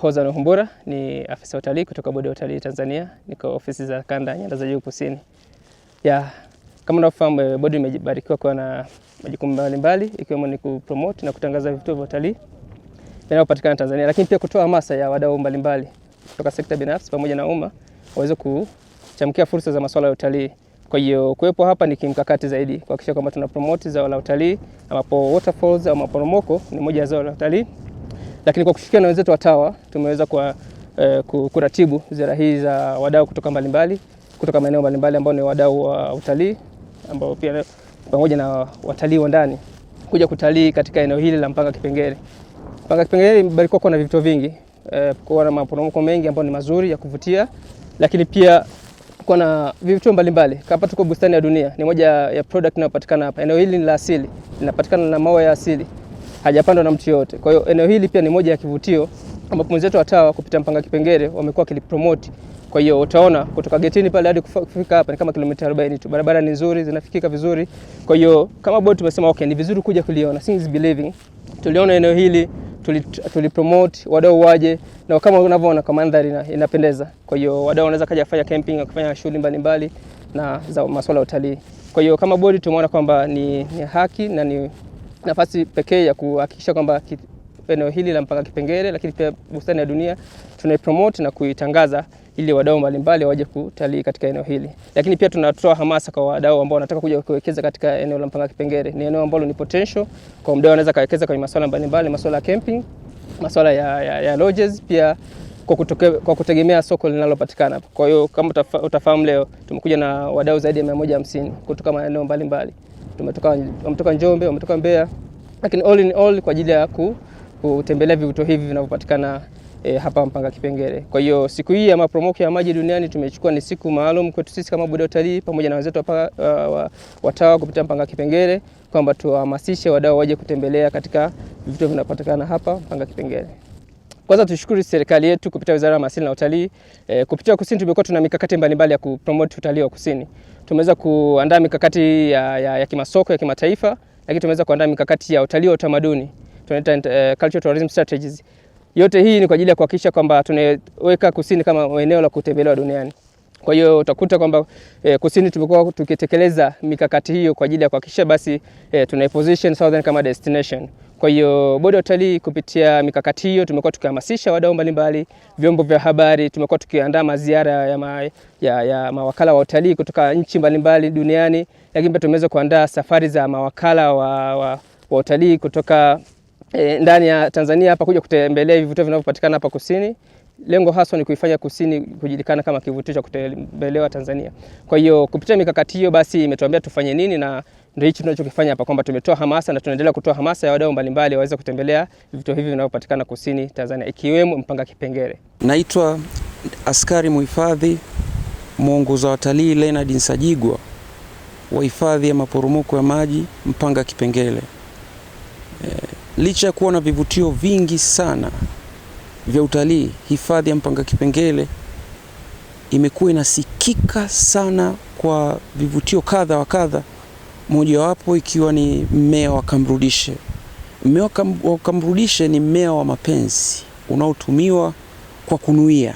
Hoza Nuhumbura, ni afisa utalii kutoka Bodi ya Utalii Tanzania, niko ofisi za kanda nyanda za juu kusini. Ya, kama unavyofahamu eh, bodi imebarikiwa kuwa na majukumu mbalimbali ikiwemo ni kupromote na kutangaza vituo vya utalii vinavyopatikana Tanzania, lakini pia kutoa hamasa ya wadau mbalimbali kutoka sekta binafsi pamoja na umma waweze kuchamkia fursa za masuala ya utalii. Kwa hiyo kuwepo hapa ni kimkakati zaidi kuhakikisha kwamba tuna promote zao la utalii ambapo waterfalls au maporomoko ni moja ya zao la utalii lakini kwa kushirikiana na wenzetu wa TAWA tumeweza kwa, eh, kuratibu ziara hii za wadau kutoka mbalimbali kutoka maeneo mbalimbali ambao ni wadau wa utalii ambao pia pamoja na watalii wa ndani kuja kutalii katika eneo hili la Mpanga Kipengere. Mpanga Kipengere imebarikiwa kuwa na vivutio vingi eh, kuwa na maporomoko mengi ambayo ni mazuri ya kuvutia, lakini pia kuwa na vivutio mbalimbali. Hapa tuko bustani ya dunia, ni moja ya product inayopatikana hapa. Eneo hili ni la asili, linapatikana na mawe ya asili hajapandwa na mtu yoyote. Kwa hiyo eneo hili pia ni moja ya kivutio ambapo wenzetu wa TAWA kupitia Mpanga Kipengere wamekuwa kilipromote. Kwa hiyo utaona kutoka getini pale hadi kufika hapa ni kama kilomita 40 tu. Barabara ni nzuri, zinafikika vizuri. Kwa hiyo kama bodi tumesema okay, ni vizuri kuja kuliona. Since believing tuliona eneo hili tulipromote tuli wadau waje, na kama unavyoona kwa mandhari inapendeza. Kwa hiyo wadau wanaweza kaja kufanya camping, kufanya shughuli mbalimbali na za masuala ya utalii. Kwa hiyo kama bodi tumeona kwamba ni, ni haki na ni nafasi pekee ya kuhakikisha kwamba eneo hili la mpaka Kipengere, lakini pia bustani ya dunia tunaipromote na kuitangaza ili wadau mbalimbali waje kutalii katika eneo hili. Lakini pia tunatoa hamasa kwa wadau ambao wanataka kuja kuwekeza katika eneo la mpaka Kipengere. Ni eneo ambalo ni potential kwa mdau, anaweza kawekeza kwenye masuala mbalimbali, masuala ya camping, masuala ya, ya, ya lodges pia kwa, kutoke, kwa kutegemea soko linalopatikana. Kwa hiyo kama utafahamu leo tumekuja na wadau zaidi ya 150 kutoka maeneo mbalimbali tumetoka, wametoka Njombe, wametoka Mbeya, lakini all in all kwa ajili ya kutembelea vivutio hivi vinavyopatikana E, hapa Mpanga Kipengere. Kwa hiyo siku hii ya maporomoko ya maji duniani tumechukua ni siku maalum kwetu sisi kama bodi ya utalii pamoja na wenzetu hapa uh, watawa kupitia Mpanga Kipengere kwamba tuwahamasishe wadau waje kutembelea katika vivutio vinapatikana hapa Mpanga Kipengere. Kwanza tushukuru serikali yetu kupitia Wizara ya Maliasili na Utalii. E, kupitia Kusini tumekuwa tuna mikakati mbalimbali ya kupromote utalii wa Kusini. Tumeweza kuandaa mikakati ya, ya, ya kimasoko ya kimataifa, lakini tumeweza kuandaa mikakati ya utalii wa utamaduni tunaita uh, cultural tourism strategies. Yote hii ni kwa ajili ya kuhakikisha kwamba tunaweka Kusini kama eneo la kutembelewa duniani. Kwa hiyo utakuta kwamba e, kusini tumekuwa tukitekeleza mikakati hiyo kwa ajili ya kuhakikisha basi e, tuna position Southern kama destination. Kwa hiyo bodi ya utalii kupitia mikakati hiyo tumekuwa tukihamasisha wadau mbalimbali, vyombo vya habari, tumekuwa tukiandaa maziara ya, ma, ya, ya mawakala wa utalii kutoka nchi mbalimbali duniani, lakini pia tumeweza kuandaa safari za mawakala wa, wa, wa utalii kutoka e, ndani ya Tanzania hapa kuja kutembelea vivutio vinavyopatikana hapa kusini lengo haswa ni kuifanya kusini kujulikana kama kivutio cha kutembelewa Tanzania. Kwa hiyo kupitia mikakati hiyo basi imetuambia tufanye nini, na ndio hichi tunachokifanya hapa, kwamba tumetoa hamasa na tunaendelea kutoa hamasa ya wadau mbalimbali waweze kutembelea vivutio hivi vinavyopatikana kusini Tanzania, ikiwemo Mpanga Kipengere. Naitwa askari muhifadhi mwongoza watalii Leonard Nsajigwa wa hifadhi ya maporomoko ya maji Mpanga Kipengere. E, licha ya kuwa na vivutio vingi sana vya utalii, hifadhi ya Mpanga kipengele imekuwa inasikika sana kwa vivutio kadha wa kadha, mojawapo ikiwa ni mmea wa kamrudishe. Mmea wa kamrudishe ni mmea wa mapenzi unaotumiwa kwa kunuia.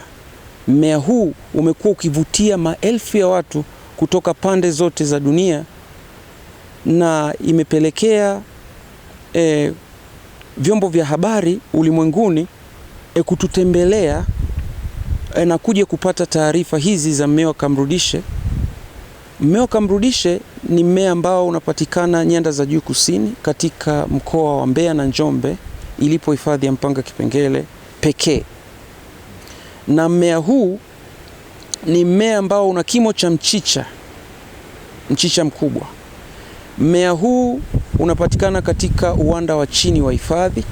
Mmea huu umekuwa ukivutia maelfu ya watu kutoka pande zote za dunia na imepelekea eh, vyombo vya habari ulimwenguni e, kututembelea e, na kuja kupata taarifa hizi za mmea wa kamrudishe. Mmea wa kamrudishe ni mmea ambao unapatikana nyanda za juu kusini katika mkoa wa Mbeya na Njombe ilipo hifadhi ya Mpanga kipengele pekee, na mmea huu ni mmea ambao una kimo cha mchicha, mchicha mkubwa. Mmea huu unapatikana katika uwanda wa chini wa hifadhi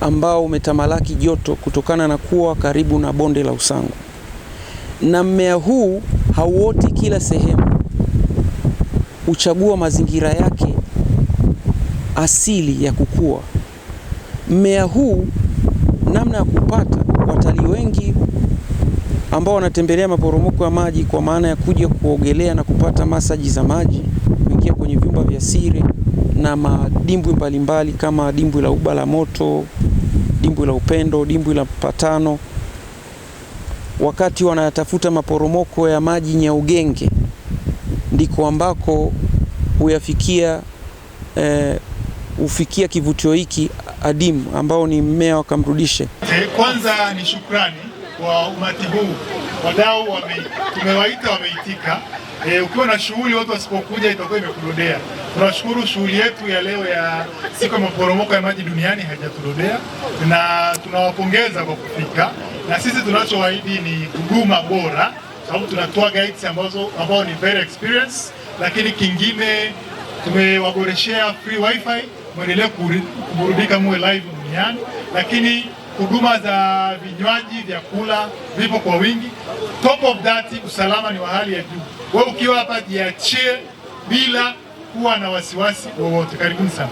ambao umetamalaki joto kutokana na kuwa karibu na bonde la Usangu, na mmea huu hauoti kila sehemu, uchagua mazingira yake asili ya kukua. Mmea huu namna ya kupata, watalii wengi ambao wanatembelea maporomoko ya maji kwa maana ya kuja kuogelea na kupata masaji za maji, kuingia kwenye vyumba vya siri na madimbwi mbalimbali kama dimbwi la uba la moto dimbwi la upendo, dimbwi la mpatano. Wakati wanayatafuta maporomoko ya maji Nyaugenge, ndiko ambako huyafikia eh, hufikia kivutio hiki adimu ambao ni mmea wa kamrudishe. Eh, kwanza ni shukrani kwa umati huu, wadau wame, tumewaita wameitika. E, ukiwa na shughuli watu wasipokuja itakuwa imekudodea. Tunashukuru shughuli yetu ya leo ya siku ya maporomoko ya maji duniani haijatudodea, na tunawapongeza kwa kufika, na sisi tunachowaahidi ni huduma bora, sababu tunatoa guides ambazo ambao ni very experience, lakini kingine tumewaboreshea free wifi, mwendelee kuburudika, muwe live duniani, lakini huduma za vinywaji, vyakula vipo kwa wingi. Top of that, usalama ni wa hali ya juu. Wewe ukiwa hapa jiachie bila kuwa na wasiwasi wowote. Karibuni sana.